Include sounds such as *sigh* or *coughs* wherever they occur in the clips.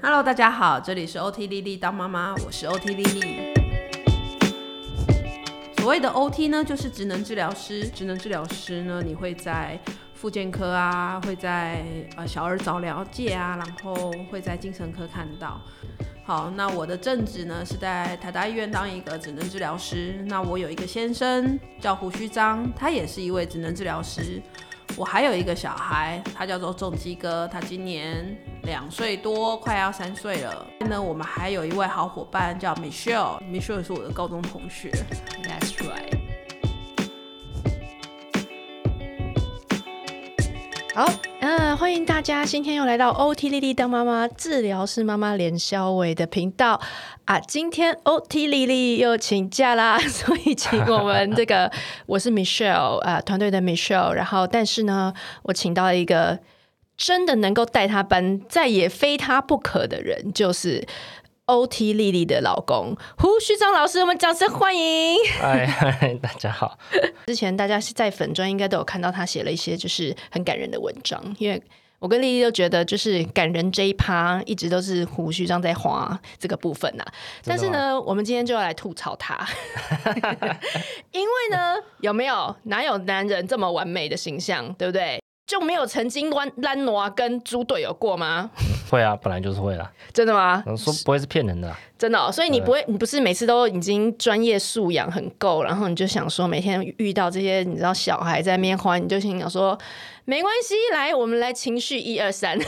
Hello，大家好，這裡是 OT 莉莉當媽媽，我是 OT 莉莉。所謂的 OT 呢，就是職能治療師。職能治療師呢，你會在復健科啊，會在、呃、小兒早療界啊，然後會在精神科看到。好，那我的正職呢是在台大醫院當一個職能治療師。那我有一個先生叫鬍鬚張，他也是一位職能治療師。我還有一個小孩，他叫做重基哥，他今年兩歲多，快要三歲了。現在呢，我們還有一位好夥伴叫 Michelle，Michelle Mich 是我的高中同學。That's right。好。呃，歡迎大家，今天又來到 OT 莉莉當媽媽治療師媽媽連肖偉的頻道啊。今天 OT 莉莉又請假啦，所以請我們這個 *laughs* 我是 Michelle 啊，團隊的 Michelle。然後，但是呢，我請到了一個真的能夠帶他班，再也非他不可的人，就是。OT 莉莉的老公鬍鬚張老師，我們掌聲歡迎。哎哎、大家好。 *laughs* 之前大家是在粉專應該都有看到他寫了一些就是很感人的文章，因為我跟莉莉都覺得就是感人這一趴一直都是鬍鬚張在畫、啊、這個部分啊。但是呢，我們今天就要來吐槽他， *laughs* 因為呢，有沒有哪有男人這麼完美的形象，對不對？就沒有曾經彎懶挪跟豬隊友過嗎？會啊，本來就是會啦。真的嗎？說不會是騙人的。啊，真的。喔。所以你不會，吧你不是每次都已經專業素養很夠，然後你就想說，每天遇到這些你知道小孩在面歡，你就心想說沒關係，來我們來情緒一二三。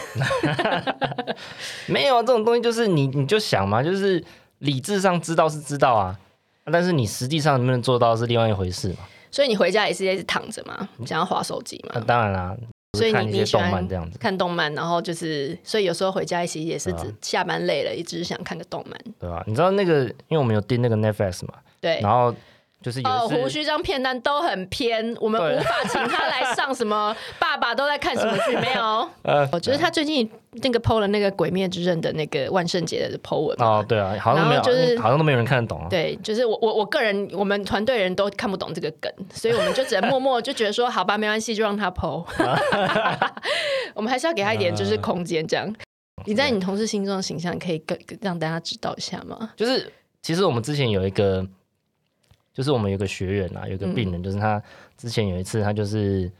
*laughs* *laughs* 沒有。啊、這種東西，就是你你就想嘛，就是理智上知道是知道啊，但是你實際上能不能做到是另外一回事嘛。所以你回家也是在一直躺着嘛，你想要滑手機嘛，啊？當然啦。啊。所以你你喜歡看動漫，然後就是，所以有時候回家一起也是，下班累了，嗯、一直想看個動漫，對吧、啊？你知道那個，因為我們有訂那個 Netflix 嘛，對，然後。就是，是哦，鬍鬚張片單都很偏，我們無法請他來上什麼。對了 爸爸都在看什麼劇？沒有。呃，我覺得他最近那個 PO 了那個《鬼滅之刃》的那個萬聖節的 PO 文。哦，對啊，好像沒有，就是，好像都沒有人看得懂，啊。對，就是我我我個人，我們團隊人都看不懂這個梗，所以我們就只能默默就覺得說，好吧， *laughs* 沒關係，就讓他 PO。 *laughs* 我們還是要給他一點就是空間，這樣。嗯，你在你同事心中的形象可以更讓大家知道一下嗎？對就是其實我們之前有一個。就是我們有個學員啊，有個病人，就是他之前有一次，他就是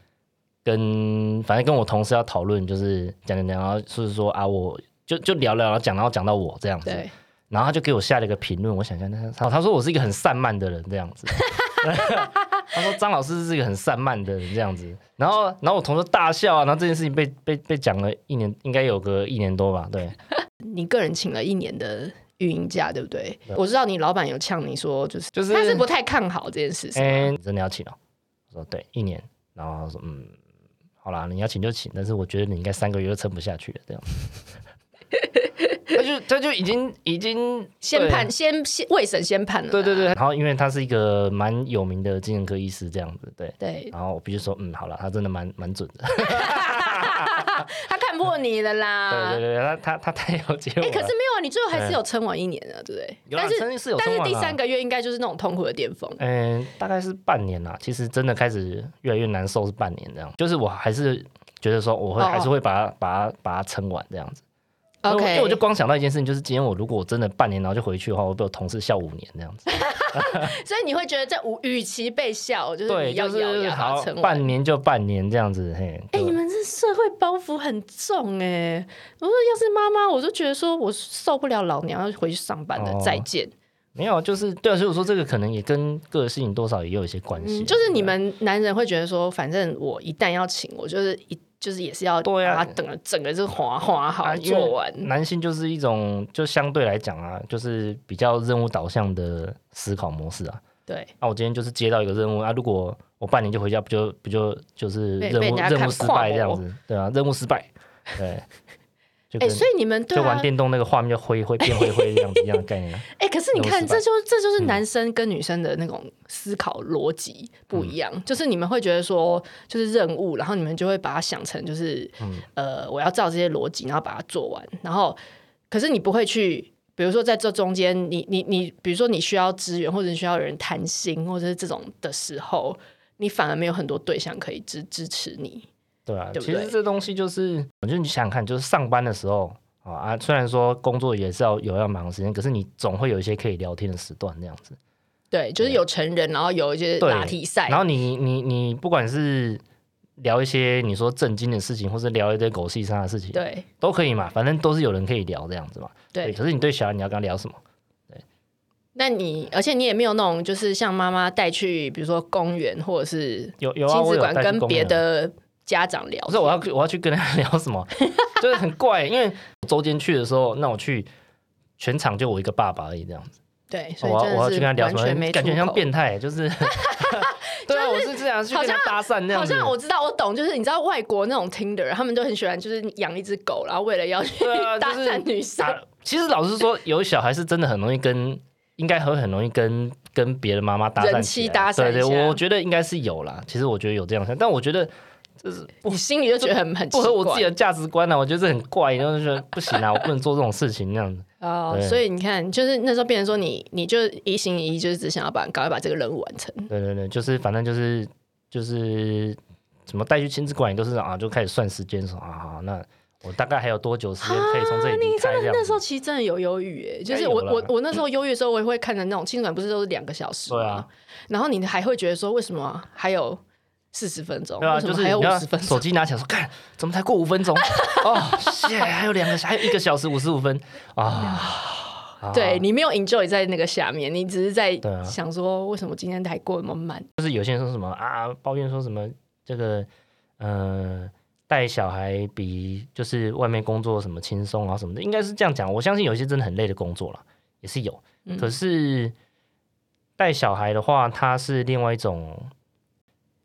跟反正跟我同事要討論，就是講、講講講，然後就是說，說啊，我就就聊聊，然後講，然後講到我這樣子，對然後他就給我下了一個評論，我想想，他，他說我是一個很散漫的人這樣子， *laughs* *laughs* 他說張老師是一個很散漫的人這樣子，然後然後我同事大笑啊，然後這件事情被被被講了一年，應該有個一年多吧，對，你個人請了一年的，運營價對不對？對，我知道你老闆有嗆你說，就是就是他是不太看好這件事情，欸。你真的要請哦？喔？我說對，一年。然後說嗯，好啦，你要請就請，但是我覺得你應該三個月就撐不下去了這樣。對 *laughs* *laughs* 他就他就已經已經先判先先未審先判了。對對對。然後因為他是一個蠻有名的精神科醫師，這樣子，對對。對然後我必須說，嗯，好啦，他真的蠻蠻準的。 *laughs* *laughs* 過你了啦！對對對，他他他太了解了。哎、欸，可是沒有啊，你最後還是有撐完一年的、啊，對不對？對啦但是，是、啊、但是第三個月應該就是那種痛苦的巔峰。嗯、欸，大概是半年啦。其實真的開始越來越難受是半年這樣。就是我還是覺得說我會還是會把它、哦、把它把它撐完這樣子。所以，Okay. 我就光想到一件事情，就是今天我如果真的半年然後就回去的話，我被我同事笑五年這樣子。 *laughs* *laughs* 所以你會覺得這五，與其被笑，就是得，對，你要咬咬是好，成半年就半年這樣子。嘿，哎、欸，對你們這社會包袱很重哎。我說，要是媽媽，我就覺得說，我受不了，老娘要回去上班了，哦、再見。沒有，就是對、啊、所以我說這個可能也跟個性，多少也有一些關係、嗯。就是你們男人會覺得說，反正我一旦要請，我就是一。就是也是要對、啊、等了整個是滑滑、呃、就嘩嘩好做完。男性，就是一種就相對來講啊，就是比較任務導向的思考模式啊。對，那、啊、我今天就是接到一個任務啊，如果我半年就回家，不就不就就是任務任務失敗這樣子？對啊，任務失敗。對。 *laughs* 哎，所以你們對，就玩電動那個畫面就灰灰，變灰灰的樣子一樣的概念、啊。哎、欸，可是你看，這就這就是男生跟女生的那種思考邏輯不一樣。嗯、就是你們會覺得說，就是任務，然後你們就會把它想成就是，嗯、呃，我要照這些邏輯，然後把它做完。然後，可是你不會去，比如說在這中間，你你你，比如說你需要資源，或者你需要有人談心，或者是這種的時候，你反而沒有很多對象可以支支持你。對啊，對對，其實這東西就是，我就你想想看，就是上班的時候啊，雖然說工作也是要有要忙的時間，可是你總會有一些可以聊天的時段，那樣子。對，對就是有成人，然後有一些拉題賽，然後你你你不管是聊一些你說正經的事情，或是聊一些狗屁上的事情，對，都可以嘛，反正都是有人可以聊這樣子嘛。對，對，可是你對小孩你要跟他聊什麼？對，那你而且你也沒有那種就是像媽媽帶去，比如說公園或者是親子館有有啊，我有帶去公園，跟別的。家長聊，不是我要我要去跟他聊什麼，就是很怪。因為周間去的時候，那我去全場就我一個爸爸而已，這樣子。對，所以我要去跟他聊什麼？感覺像變態，就是。對，我是這樣去跟他搭訕那樣？好像我知道我懂，就是你知道外國那種 Tinder，他們都很喜歡，就是養一隻狗，然後為了要去搭訕女生。其實老實說，有小孩是真的很容易跟，應該會很容易跟跟別的媽媽搭訕。搭訕，對對，我覺得應該是有啦。其實我覺得有這樣，但我覺得。就是你心裡就覺得很很不合我自己的價值觀呢、啊， *laughs* 我覺得這很怪，然後 *laughs* 就覺得不行啊，我不能做這種事情那樣子。哦、oh, 對，所以你看，就是那時候變成說你你就一心一意，就是只想要把搞一把這個任務完成。對對對，就是反正就是就是怎麼帶去親子館也都是啊，就開始算時間說啊，那我大概還有多久時間可以從這裡這、啊？你真的那時候其實真的有猶豫誒，就是我我我那時候猶豫的時候，我也會看着那種親子館不是都是兩個小時嗎？對啊、然後你還會覺得說為什麼還有？四十分鐘，對吧？啊？還有五十分，就是你要手機拿起來說，看怎麼才過五分鐘哦， *laughs* oh, yeah, 還有兩個，還有一個小時五十五分 *laughs* 啊！有啊對你沒有 enjoy 在那個下面，你只是在想說，為什麼今天才過那麼慢，啊？就是有些人說什麼啊，抱怨說什麼這個呃，帶小孩比就是外面工作什麼輕鬆啊什麼的，應該是這樣講。我相信有一些真的很累的工作了，也是有。嗯、可是帶小孩的話，他是另外一種。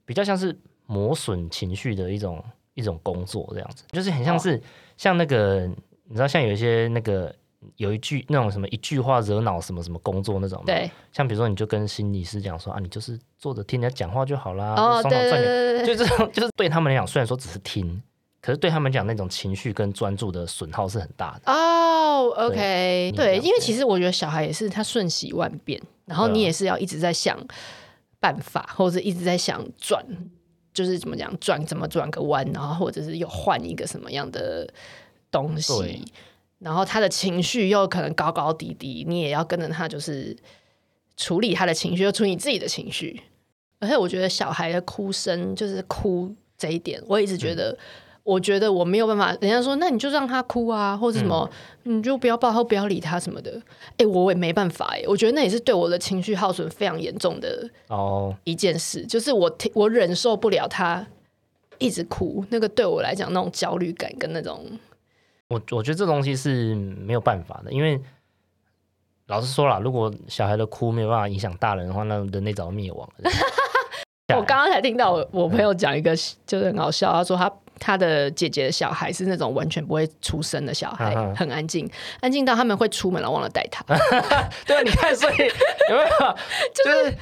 比較像是磨損情緒的一種一種工作這樣子，就是很像是像那個、哦、你知道像有一些那個有一句那種什麼一句話惹惱什麼什麼工作那種，對，像比如說你就跟心理師講說啊，你就是坐着聽人家講話就好啦，賺點、哦，就,就這種就是對他們來講，雖然說只是聽，可是對他們講那種情緒跟專注的損耗是很大的哦。對 OK，對，因為其實我覺得小孩也是他瞬息萬變，然後你也是要一直在想。辦法，或者一直在想轉，就是怎麼講轉，怎麼轉個彎，然後或者是又換一個什麼樣的東西，對然後他的情緒又可能高高低低，你也要跟着他，就是處理他的情緒，又處理自己的情緒。而且我覺得小孩的哭聲，就是哭這一點，我一直覺得。嗯我覺得我沒有辦法，人家說，那你就讓他哭啊，或者什麼，嗯、你就不要抱他，不要理他什麼的。哎、欸，我也沒辦法誒，我覺得那也是對我的情緒耗損非常嚴重的哦一件事，哦、就是我我忍受不了他一直哭，那個對我來講那種焦慮感跟那種，我我覺得這東西是沒有辦法的，因為老實說了，如果小孩的哭沒有辦法影響大人的話，那人類早就滅亡了。 *laughs* 我剛剛才聽到我，、嗯、我朋友講一個就是很好笑，他說他。他的姐姐的小孩是那種完全不會出聲的小孩，嗯、哼很安靜，安靜到他們會出門了忘了帶他。 *laughs* 對啊，你看，所以 *laughs* 有沒有？就是,就是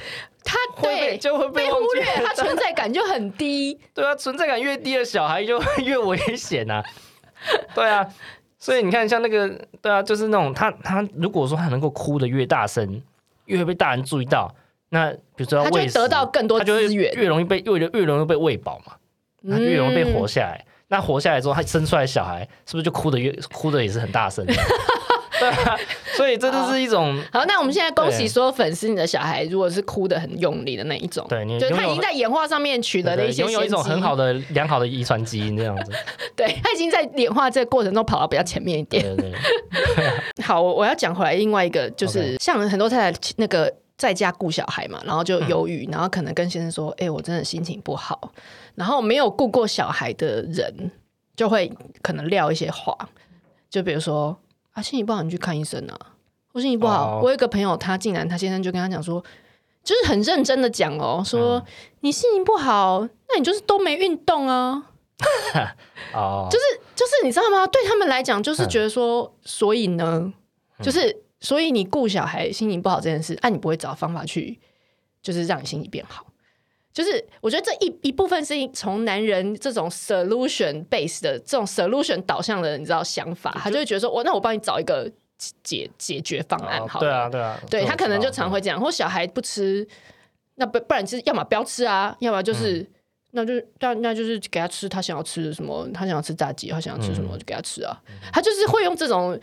他對，會就會被,被忽略，他存在感就很低。 *laughs* 對啊，存在感越低的小孩就越危險啊。 *laughs* 對啊，所以你看，像那個，對啊，就是那種他他如果說他能夠哭得越大聲，越會被大人注意到，那比如說他就得到更多，他就越容易被越，越容易被餵飽嘛。那他越容易被活下來，嗯、那活下來之後，他生出來小孩是不是就哭得越哭得也是很大聲？對啊，所以這就是一種好，好。那我們現在恭喜所有粉絲，你的小孩如果是哭得很用力的那一種，對，就是他已經在演化上面取得了一些擁有一種很好的良好的遺傳基因這樣子。 *laughs* 對，他已經在演化這個過程中跑到比較前面一點。 *laughs* 好，我我要講回來另外一個就是，Okay. 像很多太太那個。在家顧小孩嘛，然後就憂鬱，嗯、然後可能跟先生說：“哎、欸，我真的心情不好。”然後沒有顧過小孩的人，就會可能撂一些話，就比如說：“啊，心情不好，你去看醫生啊。”我心情不好，oh. 我有一個朋友，他竟然他先生就跟他講說，就是很認真的講哦，喔，說，嗯、你心情不好，那你就是都沒運動啊。 *laughs* oh. 就是就是你知道嗎？對他們來講，就是覺得說，嗯、所以呢，就是。所以你顧小孩心情不好這件事，哎、啊，你不會找方法去，就是讓你心情變好。就是我覺得這一一部分是從男人這種 solution based 的這種 solution 導向的，你知道想法，他就會覺得說，我那我幫你找一個解解決方案好，好、哦。對啊，對啊，對他可能就常會這樣。或小孩不吃，那不不然是要麼不要吃啊，要麼就是，嗯、那就是那那就是給他吃他想要吃什麼，他想要吃炸雞，他想要吃什麼就給他吃啊。嗯、他就是會用這種。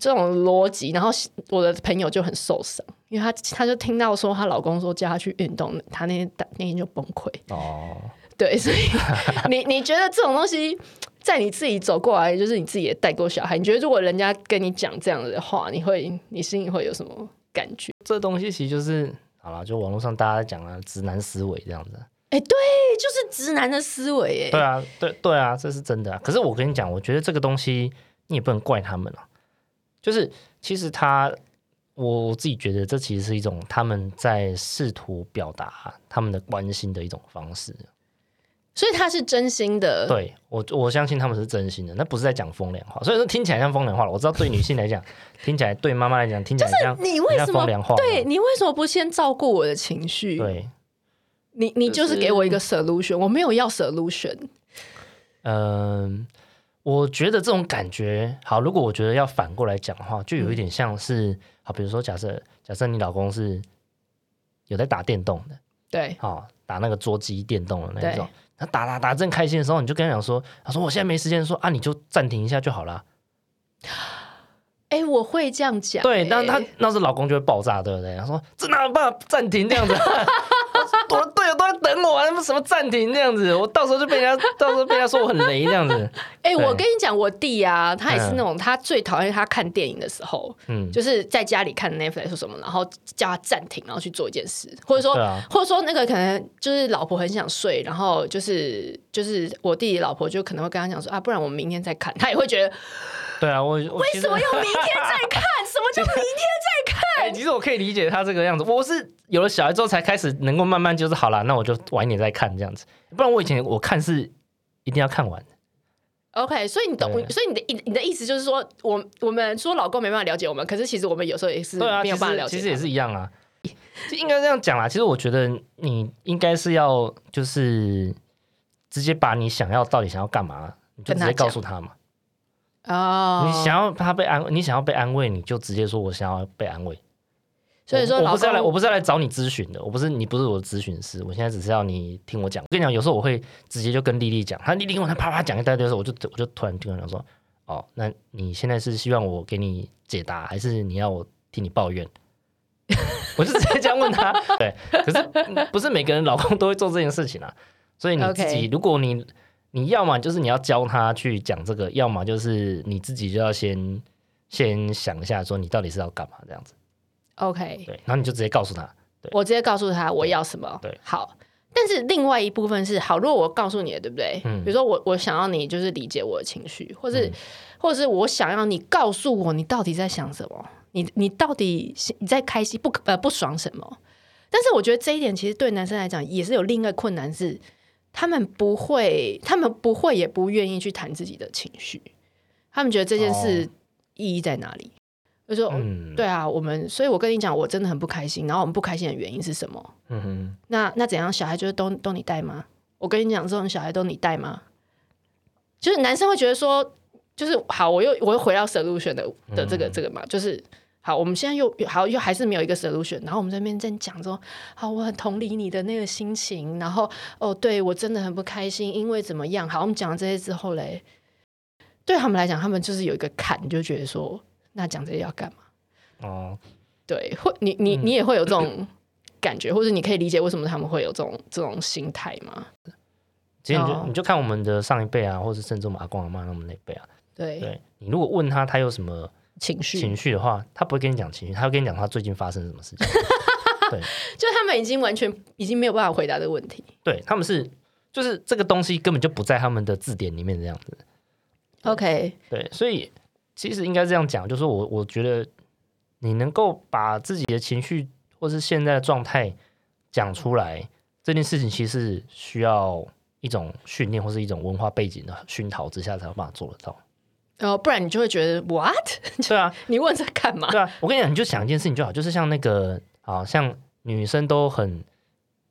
這種邏輯，然後我的朋友就很受傷，因為她，她就聽到說她老公說叫她去運動，她那天，那天就崩潰。哦，oh. 對，所以 *laughs* 你你覺得這種東西，在你自己走過來，就是你自己也帶過小孩，你覺得如果人家跟你講這樣子的話，你會，你心裡會有什麼感覺？這東西其實就是好了，就網絡上大家講的、啊、直男思維這樣子。哎、欸，對，就是直男的思維耶。對啊，對對啊，這是真的啊。可是我跟你講，我覺得這個東西你也不能怪他們、啊。就是，其實他，我自己覺得這其實是一種他們在試圖表達他們的關心的一種方式，所以他是真心的。對，我我相信他們是真心的，那不是在講風涼話。所以說聽起來像風涼話了。我知道對女性來講， *laughs* 聽起來對媽媽來講聽起來像，就是你為什麼？對，你為什麼不先照顧我的情緒？對，你你就是給我一個 solution，就是，我沒有要 solution。嗯。我覺得這種感覺好。如果我覺得要反過來講的話，就有一點像是好，比如說假設假設你老公是有在打電動的，對，哦，打那個桌機電動的那種。對他打打打正開心的時候，你就跟他講說，他說我現在沒時間，說啊你就暫停一下就好了。哎、欸，我會這樣講，欸。對，那他那是老公就會爆炸，對不對？他說這哪有辦法暫停這樣子，啊。 *laughs* 暫停這樣子，我到時候就被人家， *laughs* 到時候被人家說我很雷這樣子。哎、欸，對我跟你講，我弟啊，他也是那種，他最討厭他看電影的時候，嗯，就是在家裡看 Netflix 或什麼，然後叫他暫停，然後去做一件事，或者說，啊、或者說那個可能就是老婆很想睡，然後就是。就是我弟弟老婆就可能會跟他講說啊，不然我們明天再看，他也會覺得，對啊，我，我為什麼要明天再看？什麼叫明天再看其，欸？其實我可以理解他這個樣子。我是有了小孩之後才開始能夠慢慢就是好了，那我就晚一點再看這樣子。不然我以前我看是一定要看完的。OK，所以你懂，對所以你的意你的意思就是說，我我們說老公沒辦法了解我們，可是其實我們有時候也是沒有辦法了解，啊其，其實也是一樣啊。就應該這樣講啦。其實我覺得你應該是要就是。直接把你想要，到底想要幹嘛，你就直接告訴他嘛。哦，你想要他被安，你想要被安慰，你就直接說“我想要被安慰”。所以說，我不是要來，我不是要來找你諮詢的，我不是你，不是我諮詢師。我現在只是要你聽我講。跟你講，有時候我會直接就跟莉莉講，她莉莉，跟我啪啪講一大堆的時候，我就我就突然聽到她說：“哦，那你現在是希望我給你解答，還是你要我替你抱怨？”我就直接這樣問她。 *laughs* 對，可是不是每個人老公都會做這件事情啊。所以你自己，Okay. 如果你你要麼就是你要教他去講這個，要麼就是你自己就要先先想一下，說你到底是要幹嘛這樣子。OK，對，然後你就直接告訴他，對我直接告訴他我要什麼。對，對好。但是另外一部分是，好，如果我告訴你了，對不對？嗯、比如說我我想要你就是理解我的情緒，或是、嗯、或者是我想要你告訴我你到底在想什麼，你你到底你在開心不呃不爽什麼？但是我覺得這一點其實對男生來講也是有另一個困難是。他們不會，他們不會，也不願意去談自己的情緒。他們覺得這件事意義在哪裡？我、oh. 說，嗯、對啊，我們，所以我跟你講，我真的很不開心。然後我們不開心的原因是什麼？嗯哼那那怎樣？小孩就是都都你帶嗎？我跟你講，這種小孩都你帶嗎？就是男生會覺得說，就是好，我又我又回到 Solution 的的這個、嗯、哼這個嘛，就是。好，我們現在又好又還是沒有一個 solution。然後我們在那邊在講說，好，我很同理你的那個心情。然後哦，對我真的很不開心，因為怎麼樣？好，我們講了這些之後嘞，對他們來講，他們就是有一個坎，就覺得說，那講這些要幹嘛？哦，對，或你你、嗯、你也會有這種感覺， *coughs* 或者你可以理解為什麼他們會有這種這種心態嗎？其實你就,、哦、你就看我們的上一輩啊，或者是甚至我們阿公阿嬤他們那輩啊，對,對，你如果問他，他有什麼？情緒情緒的話，他不會跟你講情緒，他會跟你講他最近發生什麼事情。 *laughs* 對，就他們已經完全已經沒有辦法回答這個問題。對，他們是，就是這個東西根本就不在他們的字典裡面這樣子。OK，對，所以其實應該這樣講，就是我我覺得你能夠把自己的情緒或是現在的狀態講出來，這件事情其實需要一種訓練或是一種文化背景的熏陶之下，才能把它做得到。哦，不然你就會覺得 what？對啊， *laughs* 你問這幹嘛？對啊，我跟你講，你就想一件事情就好，就是像那個啊、哦，像女生都很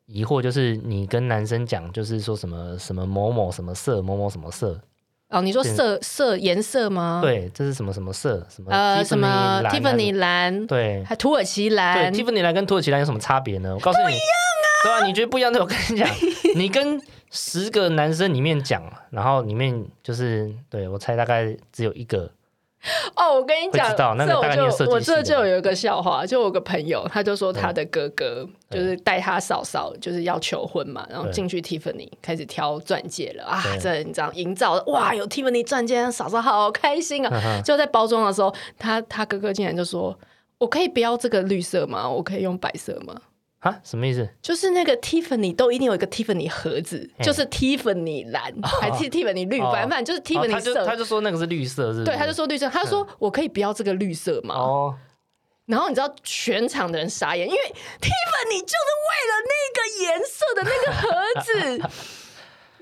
疑惑，就是你跟男生講，就是說什麼什麼某某什麼色，某某什麼色哦，你說色在色顏色嗎？對，這是什麼什麼色？什麼呃什麼蒂芙尼藍？對，還土耳其藍？對，蒂芙尼藍跟土耳其藍有什麼差別呢？我告訴你，不一樣啊！對啊，你覺得不一樣？那我跟你講，你跟， *laughs* 十個男生裡面講，然後裡面就是對我猜大概只有一個。哦，我跟你講，知道那個、概，這我就，我這就有一個笑話，就有個朋友，他就說他的哥哥就是帶他嫂嫂就是要求婚嘛，對然後進去 Tiffany 開始挑鑽戒了對啊，真的，你知道營造哇，有 Tiffany 鑽戒，嫂嫂好開心啊。啊哈就在包裝的時候，他他哥哥竟然就說：“我可以不要這個綠色嗎？我可以用白色嗎？”啊，什麼意思？就是那個 Tiffany 都一定有一個 Tiffany 盒子，Hey. 就是 Tiffany 藍，oh. 還是 Tiffany 綠，oh. Oh. 反正就是 Tiffany 色。Oh, 他就，他就說那個是綠色，是？對，他就說綠色。他說我可以不要這個綠色嗎？Oh. 然後你知道全場的人傻眼，因為 Tiffany 就是為了那個顏色的那個盒子。 *laughs*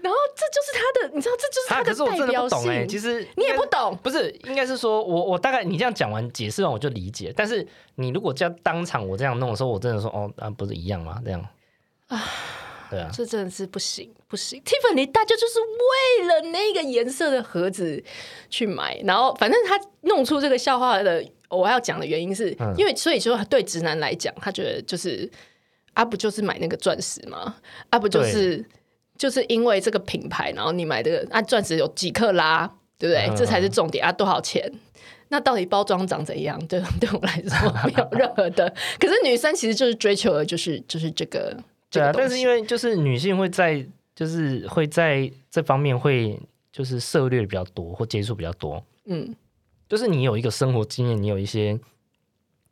然後這就是他的，你知道，這就是他的代表性。啊欸、其實你也不懂，不是？應該是說，我我大概你這樣講完解釋完，我就理解。但是你如果叫當場我這樣弄的時候，我真的說，哦，那、啊、不是一樣嗎？這樣啊，對啊，這真的是不行不行。Tiffany 大家就，就是為了那個顏色的盒子去買，然後反正他弄出這個笑話的，我要講的原因是、嗯、因為，所以說對直男來講，他覺得就是阿、啊、不就是買那個鑽石嗎？阿、啊、不就是。就是因為這個品牌，然後你買這個，啊，鑽石有幾克拉，對不對？嗯，這才是重點啊，多少錢？那到底包裝長怎樣？對對，我們來說沒有任何的。 *laughs* 可是女生其實就是追求的就是就是這個，這個東西。對啊，但是因為就是女性會在就是會在這方面會就是涉獵比較多，或接觸比較多。嗯，就是你有一個生活經驗，你有一些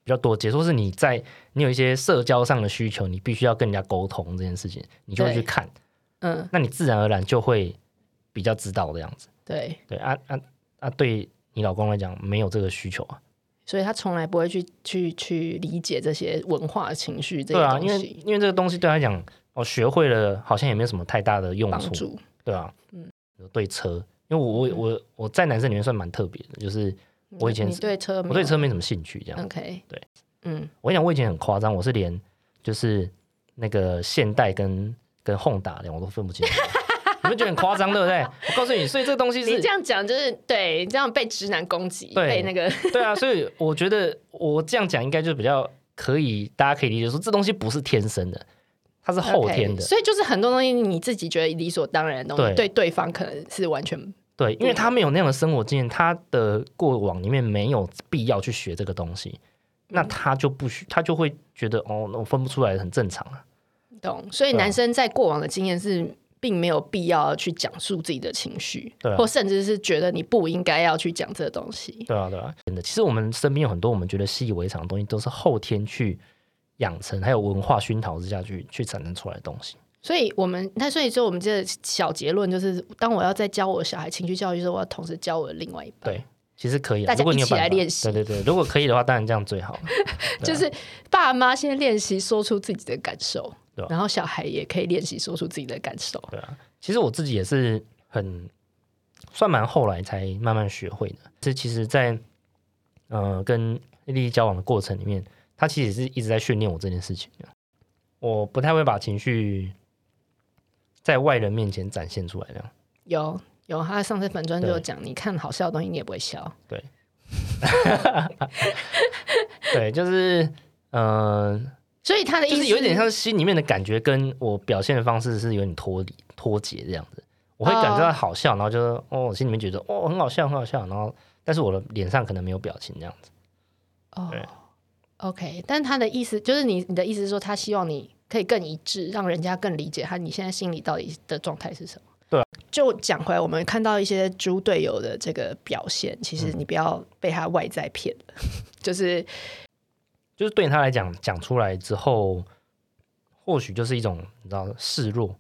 比較多，或說是你在你有一些社交上的需求，你必須要跟人家溝通這件事情，你就會去看。嗯，那你自然而然就會比較知道的樣子。對對啊啊啊！對你老公來講，沒有這個需求啊，所以他從來不會去去去理解這些文化情緒。對啊，因為因為這個東西對他來講，我學會了好像也沒有什麼太大的用處、幫助，對吧？啊，嗯，對車，因為我我我我在男生裡面算蠻特別的，就是我以前你對車我對車沒什麼興趣。這樣 OK，對，嗯，我跟你講我以前很誇張，我是連就是那個現代跟。跟哄打的，我都分不清楚，啊， *laughs* 你們覺得很誇張對不對？我告訴你，所以這個東西是你這樣講就是對，這樣被直男攻擊，對被那個 *laughs* 對啊，所以我覺得我這樣講應該就比較可以，大家可以理解說這東西不是天生的，它是後天的。Okay, 所以就是很多東西你自己覺得理所當然的，對，對對對方可能是完全對，嗯、因為他沒有那樣的生活經驗，他的過往裡面沒有必要去學這個東西，那他就不學，嗯、他就會覺得哦，我分不出來，很正常啊。懂，所以男生在過往的經驗是，並沒有必要去講述自己的情緒，對啊，或甚至是覺得你不應該要去講這個東西。對啊，對啊，真的。其實我們身邊有很多我們覺得習以為常的東西，都是後天去養成，還有文化熏陶之下去去產生出來的東西。所以我們那，所以說，我們這個小結論就是：當我要在教我小孩情緒教育的時候，我要同時教我的另外一半。對，其實可以，大家一起來練習。對對對，如果可以的話， *laughs* 當然這樣最好，啊。就是爸媽先練習說出自己的感受。啊、然後小孩也可以練習說出自己的感受。對啊，其實我自己也是很算蠻後來才慢慢學會的。這其實在，在呃跟莉莉交往的過程裡面，他其實是一直在訓練我這件事情。我不太會把情緒在外人面前展現出來的，有有，他上次粉專就有講，對你看好笑的東西，你也不會笑。對， *laughs* *laughs* 對，就是嗯。呃所以他的意思就是有一點像心裡面的感覺，跟我表現的方式是有點脫離脫節這樣子。我會感覺到好笑，哦、然後就是哦，我心裡面覺得哦，很好笑，很好笑。然後，但是我的臉上可能沒有表情這樣子。哦對，OK。但他的意思就是你，你你的意思是說，他希望你可以更一致，讓人家更理解他你現在心裡到底的狀態是什麼？對、啊。就講回來，我們看到一些豬隊友的這個表現，其實你不要被他外在騙了，嗯、 *laughs* 就是。就是對他來講，講出來之後，或許就是一種你知道示弱，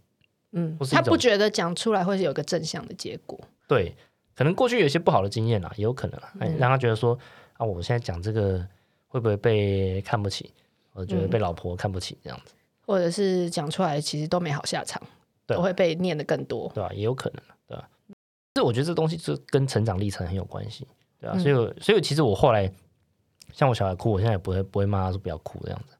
嗯，他不覺得講出來會是有個正向的結果，對，可能過去有一些不好的經驗啊，也有可能，嗯、讓他覺得說啊，我現在講這個會不會被看不起？我覺得被老婆看不起、嗯、這樣子，或者是講出來其實都沒好下場，對都會被念得更多，對吧、啊？也有可能，對吧、啊？這我覺得這東西是跟成長歷程很有關係，對啊，嗯、所以，所以其實我後來。像我小孩哭，我現在也不會不會罵他說不要哭這樣子，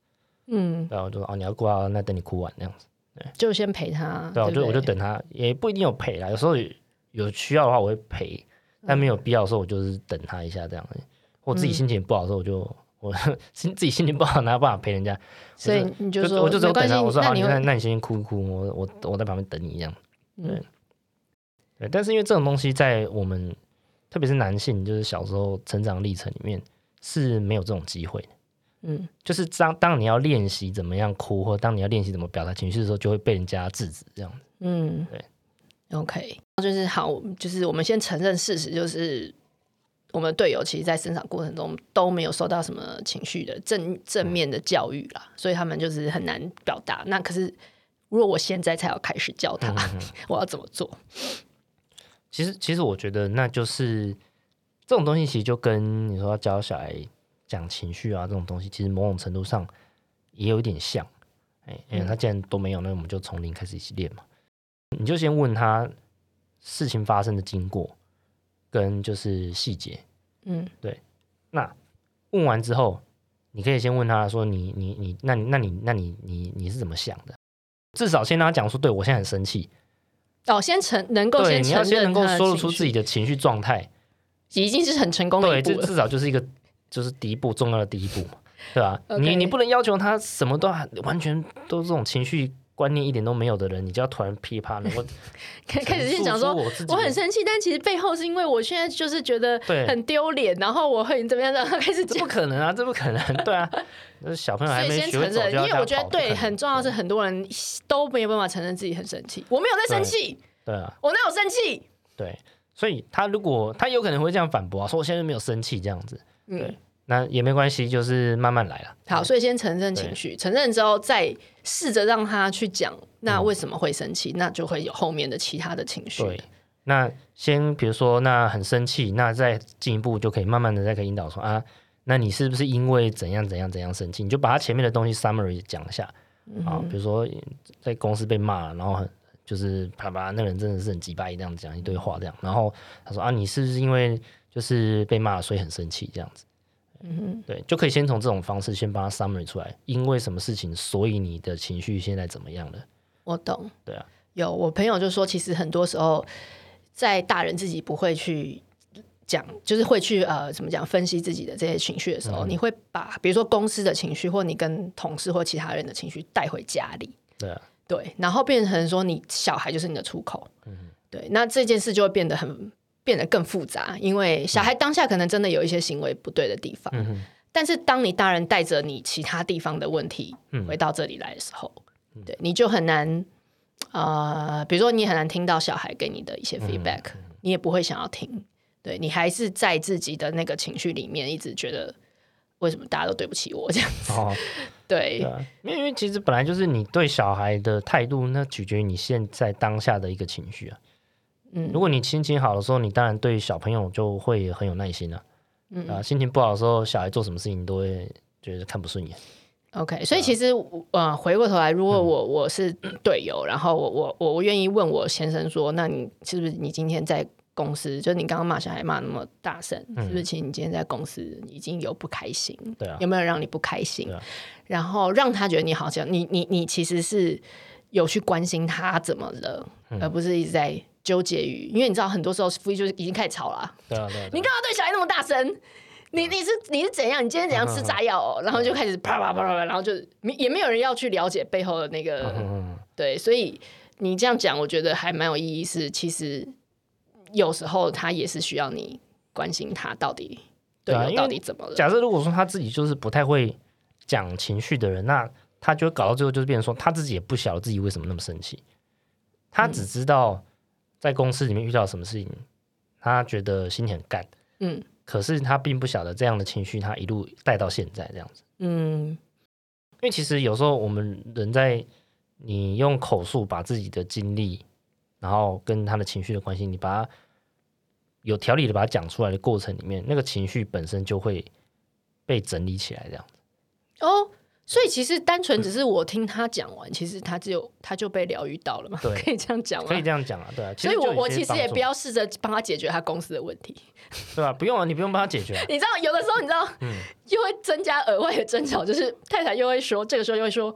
嗯，對、啊，我就說哦，你要哭啊，那等你哭完那樣子，對就先陪他，對，啊、對，對，我就我就等他，也不一定有陪啦，有時候有，有需要的話我會陪，但沒有必要的時候我就是等他一下這樣子。嗯、我自己心情不好的時候我，我就我心自己心情不好，哪有辦法陪人家？所以就你就，說就我就只有等他，我說好，你看，那你先哭一哭，我我我在旁邊等你一樣，對。嗯、對。但是因為這種東西在我們特別是男性，就是小時候成長歷程裡面。是沒有這種機會的，嗯，就是當當你要練習怎麼樣哭，或當你要練習怎麼表達情緒的時候，就會被人家制止這樣，嗯，對，OK，就是好，就是我們先承認事實，就是我們隊友其實，在生長過程中都沒有受到什麼情緒的正正面的教育啦，嗯、所以他們就是很難表達。那可是，如果我現在才要開始教他，嗯嗯嗯 *laughs* 我要怎麼做？其實，其實我覺得那就是。這種東西其實就跟你說要教小孩講情緒啊，這種東西其實某種程度上也有一點像。哎、欸，嗯、因為他既然都沒有，那我們就從零開始一起練嘛。你就先問他事情發生的經過跟就是細節，嗯，對。那問完之後，你可以先問他說你：“你你你，那你那你那你那你，你你你是怎麼想的？至少先讓他講說，對，我現在很生氣。哦”早先成能夠對你要先能夠說出自己的情緒狀態。已經是很成功的一步，對，就至少就是一個，就是第一步重要的第一步嘛，對吧？你你不能要求他什麼都完全都這種情緒觀念一點都沒有的人，你就要突然噼啪，然後開始先講說，我很生氣，但其實背後是因為我現在就是覺得很丟臉，然後我會怎麼樣的開始？不可能啊，這不可能，對啊，小朋友還沒承認，因為我覺得對很重要是很多人都沒有辦法承認自己很生氣，我沒有在生氣，對啊，我哪有生氣，對。所以他如果他有可能會這樣反駁啊，說我現在沒有生氣這樣子，嗯、對，那也沒關係，就是慢慢來了。好，對所以先承認情緒，對承認之後再試着讓他去講，那為什麼會生氣？嗯、那就會有後面的其他的情緒。對，那先比如說那很生氣，那再進一步就可以慢慢的再可以引導說啊，那你是不是因為怎樣怎樣怎樣生氣？你就把他前面的東西 summary 講一下啊，嗯、哼比如說在公司被罵，然後很。就是啪啪，那個人真的是很雞巴一樣講一堆話這樣。然後他說啊，你是不是因為就是被罵所以很生氣這樣子？嗯哼，對，就可以先從這種方式先把它 summary 出來，因為什麼事情，所以你的情緒現在怎麼樣了？我懂，對啊，有我朋友就說，其實很多時候在大人自己不會去講，就是會去呃怎麼講分析自己的這些情緒的時候，你，你會把比如說公司的情緒或你跟同事或其他人的情緒帶回家裡，對啊。對，然後變成說你小孩就是你的出口，嗯哼，對，那這件事就會變得很變得更複雜，因為小孩當下可能真的有一些行為不對的地方，嗯、哼但是當你大人帶着你其他地方的問題回到這裡來的時候，嗯、哼對，你就很難，啊、呃。比如說你很難聽到小孩給你的一些 feedback，嗯、哼你也不會想要聽，對，你還是在自己的那個情緒裡面一直覺得。為什麼大家都對不起我這樣子、哦？ *laughs* 對、啊，因為其實本來就是你對小孩的態度，那取決於你現在當下的一個情緒啊。嗯，如果你心情好的時候，你當然對小朋友就會很有耐心了、啊。嗯啊，心情不好的時候，小孩做什麼事情你都會覺得看不順眼。OK，所以其實、啊、呃，回過頭來，如果我我是隊友，嗯、然後我我我我願意問我先生說，那你是不是你今天在公司就你剛剛罵小孩罵那麼大聲，嗯、是不是？其實你今天在公司已經有不開心，對啊，有沒有讓你不開心？啊、然後讓他覺得你好像你你你其實是有去關心他怎麼了，嗯、而不是一直在糾結於。因為你知道很多時候夫妻就是已經開始吵了、啊，對啊，對、啊。啊、 *laughs* 你幹嘛對小孩那麼大聲？你你是你是怎樣？你今天怎樣吃炸藥、哦？嗯、呵呵然後就開始啪啪啪啪，啪，對然後就也沒有人要去了解背後的那個，嗯嗯嗯對，所以你這樣講，我覺得還蠻有意義。是其實。有時候他也是需要你關心他到底對,對、啊，到底怎麼了？假設如果說他自己就是不太會講情緒的人，那他就搞到最後，就是變成說他自己也不曉得自己為什麼那麼生氣，他只知道在公司裡面遇到什麼事情，嗯、他覺得心情很幹，嗯，可是他並不曉得這樣的情緒他一路帶到現在這樣子，嗯，因為其實有時候我們人在你用口述把自己的經歷。然後跟他的情緒的關係，你把他有條理的把他講出來的過程裡面，那個情緒本身就會被整理起來，這樣子。哦，所以其實單純只是我聽他講完，嗯、其實他只有他就被療癒到了嘛，對可以這樣講嗎，可以這樣講啊，對啊。所以我我其實也不要試着幫他解決他公司的問題，對吧、啊？不用啊，你不用幫他解決、啊。 *laughs* 你知道，有的時候你知道，嗯、又就會增加額外的爭吵，就是太太又會說，這個時候又會說。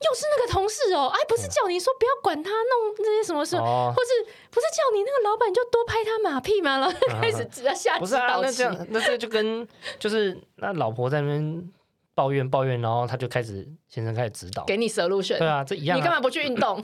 又是那個同事哦，哎、啊，不是叫你說不要管他弄那些什麼事，哦、或是不是叫你那個老板就多拍他馬屁嘛？然後就開始下指導、啊，不是啊，那這樣，那這就跟就是那老婆在那邊抱怨抱怨，然後他就開始先生開始指導，給你 solution，對啊，這一樣、啊，你幹嘛不去運動？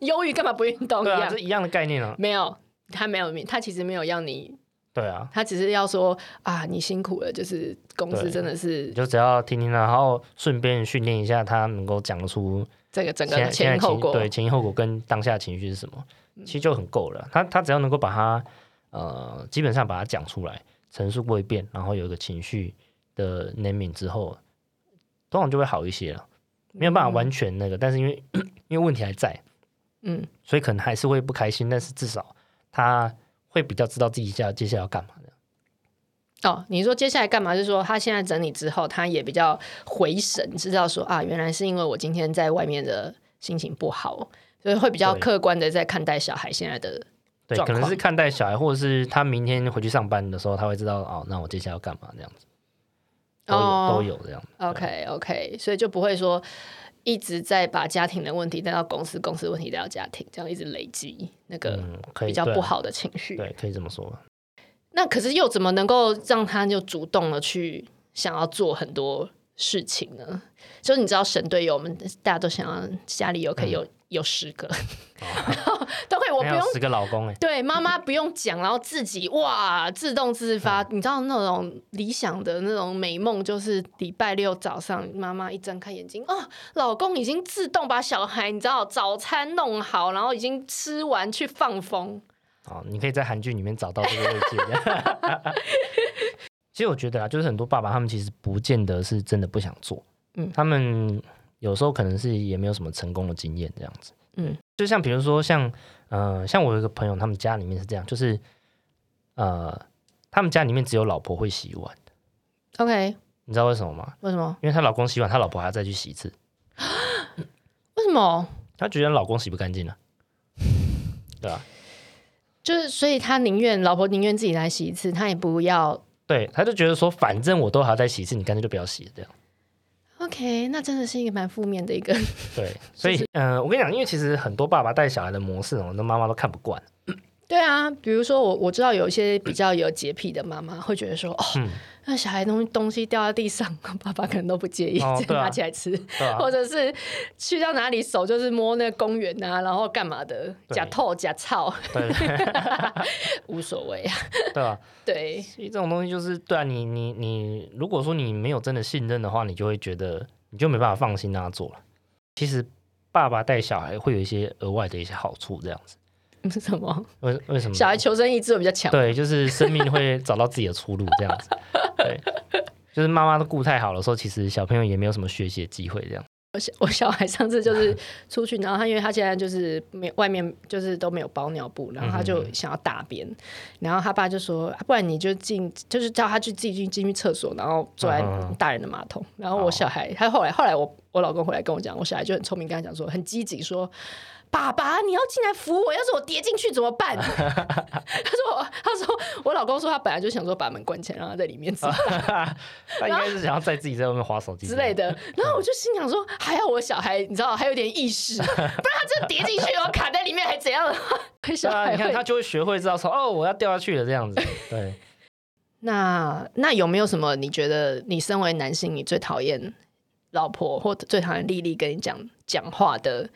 憂鬱 *coughs* *laughs* 幹嘛不運動？對、啊，這一樣的概念了、啊，沒有，他沒有，他其實沒有要你。對啊，他只是要說啊，你辛苦了，就是公司真的是，就只要聽聽，然後順便訓練一下，他能夠講出這個整個前因後果，情緒，對前因後果跟當下的情緒是什麼，其實就很夠了。他他只要能夠把他呃，基本上把它講出來，陳述過一遍，然後有一個情緒的命名之後，通常就會好一些了。沒有辦法完全那個，但是因為、嗯、因為問題還在，嗯，所以可能還是會不開心，但是至少他。會比較知道自己下接下來要幹嘛的哦。你說接下來幹嘛？就是說他現在整理之後，他也比較回神，知道說啊，原來是因為我今天在外面的心情不好，所以會比較客觀的在看待小孩現在的狀態。對。對，可能是看待小孩，或者是他明天回去上班的時候，他會知道哦，那我接下來要幹嘛這樣子。都有、哦、都有這樣。OK OK，所以就不會說。一直在把家庭的問題帶到公司，公司問題帶到家庭，這樣一直累積那個比較不好的情緒、嗯。對，可以這麼說。那可是又怎麼能夠讓他就主動的去想要做很多事情呢？就是你知道，神隊友們大家都想要家裡有，可以有、嗯。有十個， *laughs* 都可以。我不用十個老公哎。對，媽媽不用講，然後自己哇，自動自發。嗯，你知道那種理想的那種美夢，就是禮拜六早上，媽媽一睜開眼睛，哦，老公已經自動把小孩，你知道早餐弄好，然後已經吃完去放風。哦，你可以在韓劇裡面找到這個慰藉。 *laughs* 其實我覺得啊，就是很多爸爸他們其實不見得是真的不想做，嗯，他們。有時候可能是也沒有什麼成功的經驗這樣子，嗯，就像比如說像，呃，像我有一個朋友，他們家裡面是這樣，就是，呃，他們家裡面只有老婆會洗碗，OK，你知道為什麼嗎？為什麼？因為他老公洗碗，他老婆還要再去洗一次，為什麼？他覺得老公洗不乾淨啊，對啊，就是所以他寧願老婆寧願自己來洗一次，他也不要，對，他就覺得說反正我都還要再洗一次，你乾脆就不要洗了這樣。OK，那真的是一個蠻負面的一個。對，就是，所以，嗯、呃，我跟你講，因為其實很多爸爸帶小孩的模式，我們的媽媽都看不慣。嗯對啊，比如說我我知道有一些比較有潔癖的媽媽會覺得說，嗯、哦，那小孩東東西掉在地上，爸爸可能都不介意，直接拿起來吃，哦啊、或者是去到哪裡手就是摸那個公園啊，啊然後幹嘛的，吃土吃草，無所謂啊，對吧、啊？對，所以這種東西就是對啊，你你你，如果說你沒有真的信任的話，你就會覺得你就沒辦法放心讓他做了。其實爸爸帶小孩會有一些額外的一些好處，這樣子。為什麼？為為什麼？小孩求生意志會比較強。對，就是生命會找到自己的出路，這樣子。 *laughs* 對，就是媽媽都顧太好了。說其實小朋友也沒有什麼學習的機會這樣。我小，我小孩上次就是出去，然後他因為他現在就是沒外面就是都沒有包尿布，然後他就想要大便。嗯、哼然後他爸就說：“不然你就進，就是叫他去自己進進去廁所，然後坐在大人的馬桶。嗯哼”然後我小孩他後來後來我我老公回來跟我講，我小孩就很聰明，跟他講說很積極說。爸爸，你要進來扶我，要是我跌進去怎麼辦？ *laughs* 他說：“他說我老公說他本來就想說把門關起來，讓他在裡面 *laughs* 他那應該是想要在自己在外面滑手機後之類的。”然後我就心想說：“ *laughs* 還好我小孩，你知道還有點意識， *laughs* 不然他就跌進去， *laughs* 我卡在裡面還怎樣的話？”你看他就會學會知道說：“哦， *laughs* 我要掉下去了。”這樣子。對。那那有沒有什麼？你覺得你身為男性，你最討厭老婆或最討厭莉莉跟你講講話的？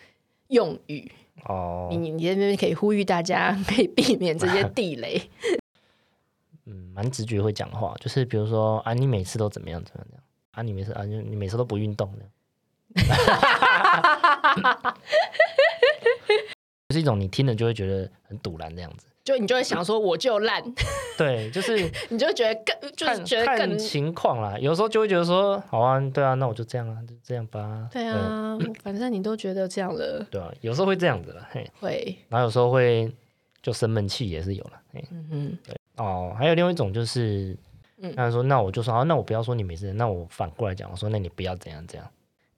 用語哦，你你在那邊可以呼籲大家，可以避免這些地雷。 *laughs* 嗯，蠻直覺會講話，就是比如說啊，你每次都怎麼樣怎麼樣，啊，你每次啊，你每次都不運動這樣，就是一種你聽了就會覺得很賭爛的樣子。就你就會想說我就爛，對，就是你就覺得更就是覺得更看情況啦，有時候就會覺得說，好啊，對啊，那我就這樣啊，就這樣吧，對啊，反正你都覺得這樣了，對啊，有時候會這樣子了，嘿，會，然後有時候會就生悶氣也是有了，嗯嗯，對，哦，還有另外一種就是，嗯。那說那我就說啊，那我不要說你沒事，那我反過來講，我說那你不要這樣這樣，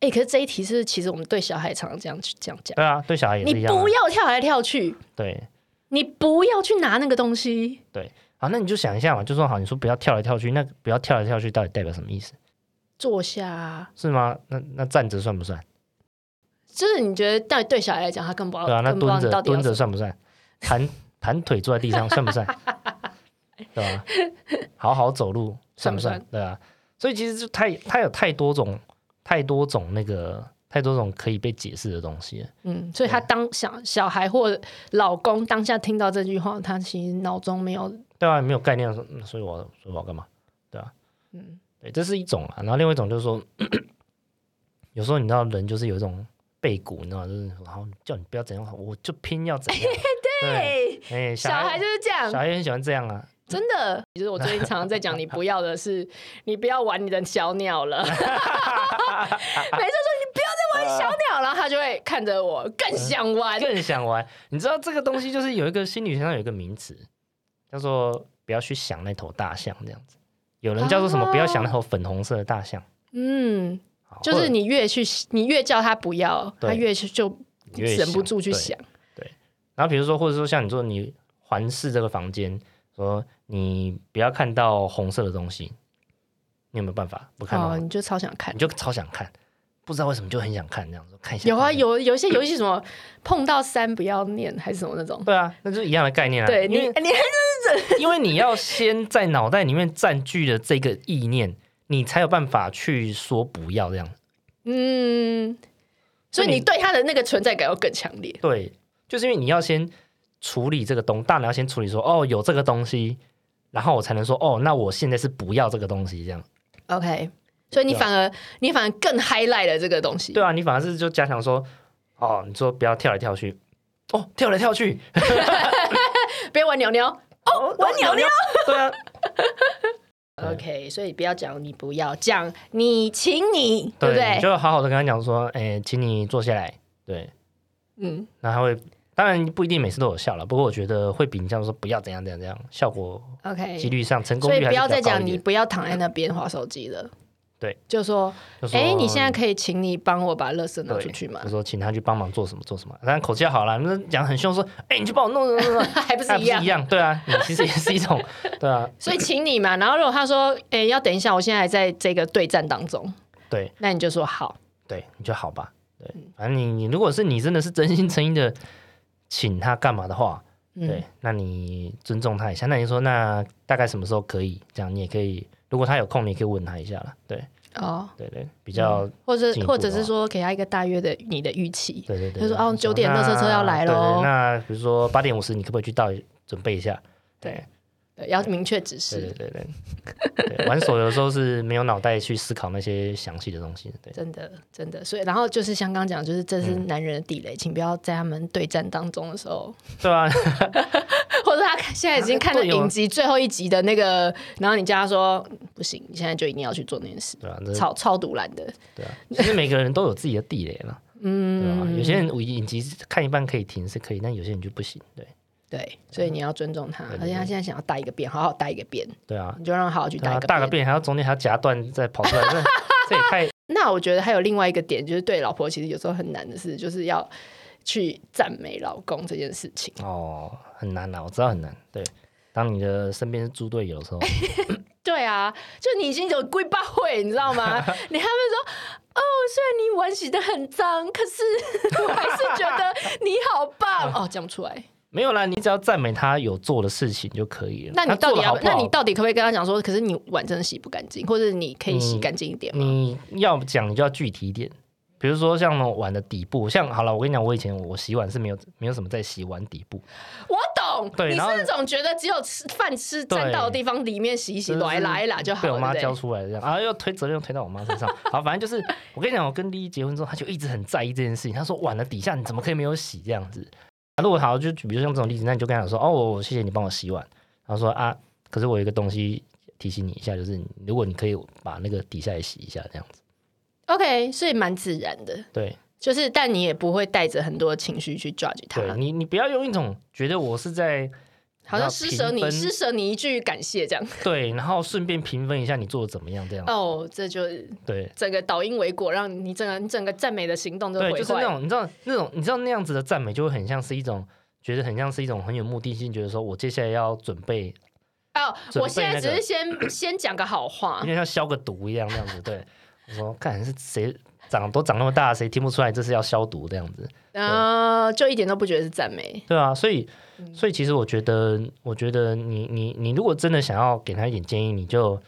誒，可是這一題是其實我們對小孩常常這樣去這樣講，對啊，對小孩也是這樣。不要跳來跳去，對。你不要去拿那個東西。對，好，那你就想一下嘛，就說好，你說不要跳來跳去，那不要跳來跳去到底代表什麼意思？坐下、啊、是嗎？那那站着算不算？就是你覺得，到底對小孩來講，他更不好對啊，那蹲着蹲着算不算？盤盤腿坐在地上算不算？ *laughs* 對吧、啊？好好走路算不算？算不算對吧、啊？所以其實就太他有太多種太多種那個。太多種可以被解釋的東西，嗯，所以他當小小孩或老公當下聽到這句話，他其實腦中沒有，對啊，沒有概念，所以我要我幹嘛，對啊，嗯，對，這是一種啊，然後另外一種就是說，嗯、有時候你知道人就是有一種背骨，你知道嗎，然、就、後、是、叫你不要怎樣，我就偏要怎樣，欸、對，嗯欸、小、孩小孩就是這樣，小孩很喜歡這樣啊，真的，其、就、實、是、我最近常常在講，你不要的是， *laughs* 你不要玩你的小鳥了， *laughs* 每次小鳥，然後他就會看着我，更想玩，更想玩。你知道這個東西就是有一個心理學上有一個名詞，他說不要去想那頭大象這樣子。有人叫做什麼？不要想那頭粉紅色的大象。啊、嗯，好就是你越去，者你越叫他不要，對他越就忍不住去想，想對。對。然後比如說，或者說像你說，你環視這個房間，說你不要看到紅色的東西，你有沒有辦法不看到？哦？你就超想看，你就超想看。不知道為什麼就很想看這樣子看一下。有啊有，有一些遊戲什麼 *laughs* 碰到三不要念還是什麼那種。對啊，那就是一樣的概念啊。對，為你你真因為你要先在腦袋裡面占據了這個意念， *laughs* 你才有辦法去說不要這樣。嗯。所以你對它的那個存在感要更強烈。對，就是因為你要先處理這個東西，大腦你要先處理說哦有這個東西，然後我才能說哦那我現在是不要這個東西這樣。OK。所以你反而，啊、你反而更 highlight 了這個東西。對啊，你反而是就加強說，哦，你說不要跳來跳去，哦，跳來跳去， *laughs* *laughs* 別玩牛牛，哦，哦玩牛牛，尿尿對啊。OK，所以不要講你不要講你，請你，對不對？對就好好的跟他講說，哎，請你坐下來，對，嗯，那他會當然不一定每次都有效了，不過我覺得會比你這樣說不要怎樣怎樣怎樣效果 OK 幾率上 okay, 成功率所以不要再講你不要躺在那邊滑手機了。對，就說，哎，你現在可以請你幫我把垃圾拿出去嗎？就說請他去幫忙做什麼做什麼，但口氣要好了，那講很凶說，哎，你去幫我弄，還不是一樣？一樣對啊，其實也是一種對啊。所以請你嘛，然後如果他說，哎，要等一下，我現在還在這個對戰當中，對，那你就說好，對你就好吧，對，反正你你如果是你真的是真心誠意的請他幹嘛的話，對，那你尊重他一下，那你說，那大概什麼時候可以這樣，你也可以。如果他有空，你可以問他一下了。對，哦，對對，比較或者或者是說，給他一個大約的你的預期。對對對，他說哦，九點垃圾車，車要來嘍。那比如說八點五十，你可不可以去倒準備一下？對，對，要明確指示。對對對，玩手遊的時候是沒有腦袋去思考那些詳細的東西。對，真的真的。所以然後就是像剛講，就是這是男人的地雷，請不要在他們對戰當中的時候，對啊。他現在已經看了影集最後一集的那個，然後你叫他說不行，你現在就一定要去做那件事，啊、超超賭爛的。對啊，其實每個人都有自己的地雷嘛，嗯、 *laughs* 啊，有些人影集看一半可以停是可以，但有些人就不行，對對，所以你要尊重他，嗯、而且他現在想要大一個便，好好大一個便，對啊，你就讓他好好去帶個帶、啊、個便，還要中間還要夾斷再跑出來， *laughs* 這，這也太……那我覺得還有另外一個點，就是對老婆其實有時候很難的事，就是要。去讚美老公這件事情哦，很難啦、啊，我知道很難。對，當你的身邊是豬隊友的時候， *laughs* 對啊，就你已經有規腹火，你知道嗎？ *laughs* 你還會說哦，雖然你碗洗得很髒，可是我還是覺得你好棒 *laughs* 哦。講不出來沒有啦？你只要讚美他有做的事情就可以了。那你到底要？好好那你到底可不可以跟他講說，可是你碗真的洗不乾淨，或者你可以洗乾淨一點嗎？嗯、你要講，你就要具體一點。比如說像我碗的底部，像好了，我跟你講，我以前我洗碗是沒有沒有什麼在洗碗底部。我懂，對你是那種覺得只有吃飯吃沾到的地方裡面洗一洗，來一對來，來就好了。被我媽教出來的這樣，然後吧、啊、又推責任推到我媽身上。 *laughs* 好，反正就是我跟你講，我跟莉莉結婚之後，他就一直很在意這件事情。他說碗的底下你怎麼可以沒有洗這樣子？啊、如果好像就比如像這種例子，那你就跟他講說哦，謝謝你幫我洗碗。然後說啊，可是我有一個東西提醒你一下，就是如果你可以把那個底下也洗一下這樣子。OK，所以蠻自然的，對，就是，但你也不會帶着很多情緒去抓住他，你你不要用一種覺得我是在好像施捨你，施捨你一句感謝這樣，對，然後順便評分一下你做的怎麼樣這樣，哦，oh, 這就對，整個倒因為果，對讓你整個整個讚美的行動就對，就是那種你知道那種你知道那樣子的讚美就會很像是一種覺得很像是一種很有目的性，覺得說我接下來要準備哦，oh, 準備我現在只是先、那個、 *coughs* 先講個好話，因為像消個毒一樣那樣子，對。 *laughs* 我說：“看是誰長都長那麼大，誰聽不出來這是要消毒這樣子？”啊、呃，就一點都不覺得是讚美。對啊，所以所以其實我覺得，我覺得你你你如果真的想要給他一點建議，你就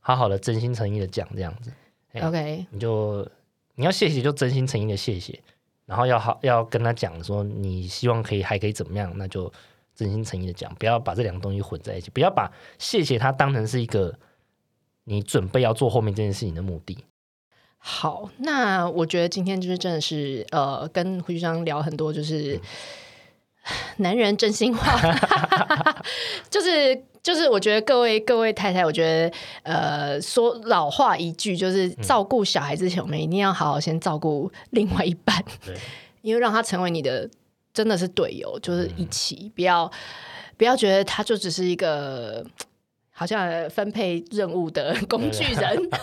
好好的真心誠意的講這樣子。OK，你就你要謝謝就真心誠意的謝謝，然後要好要跟他講說你希望可以還可以怎麼樣，那就真心誠意的講，不要把這兩個東西混在一起，不要把謝謝他當成是一個。你準備要做後面這件事情的目的？好，那我覺得今天就是真的是呃，跟鬍鬚張聊很多，就是、嗯、男人真心話， *laughs* *laughs* 就是就是我覺得各位各位太太，我覺得呃，說老話一句，就是照顧小孩之前，嗯、我們一定要好好先照顧另外一半，嗯、對，因為讓他成為你的真的是隊友，就是一起，嗯、不要不要覺得他就只是一個。好像分配任務的工具人，對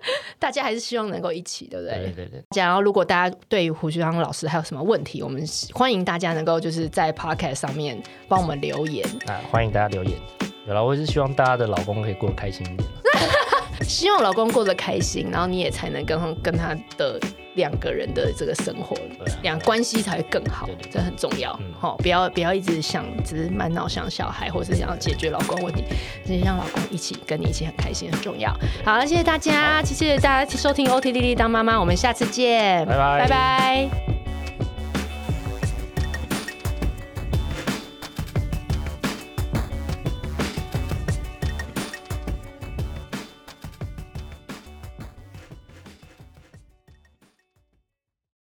*laughs* 大家還是希望能夠一起，對不對？對對對。然後，如果大家對於鬍鬚張老師還有什麼問題，我們歡迎大家能夠就是在 podcast 上面幫我們留言啊，歡迎大家留言。有了，我也是希望大家的老公可以過得開心一點， *laughs* 希望老公過得開心，然後你也才能跟跟他的。兩個人的這個生活，兩個關係才會更好，對對對對對這很重要、嗯哦、不要不要一直想，只是滿腦想小孩，或者是想要解決老公問題，直接讓老公一起跟你一起很開心，很重要。好，謝謝大家，好謝謝大家一起收聽《OT 莉莉當媽媽》，我們下次見，拜拜拜拜。Bye bye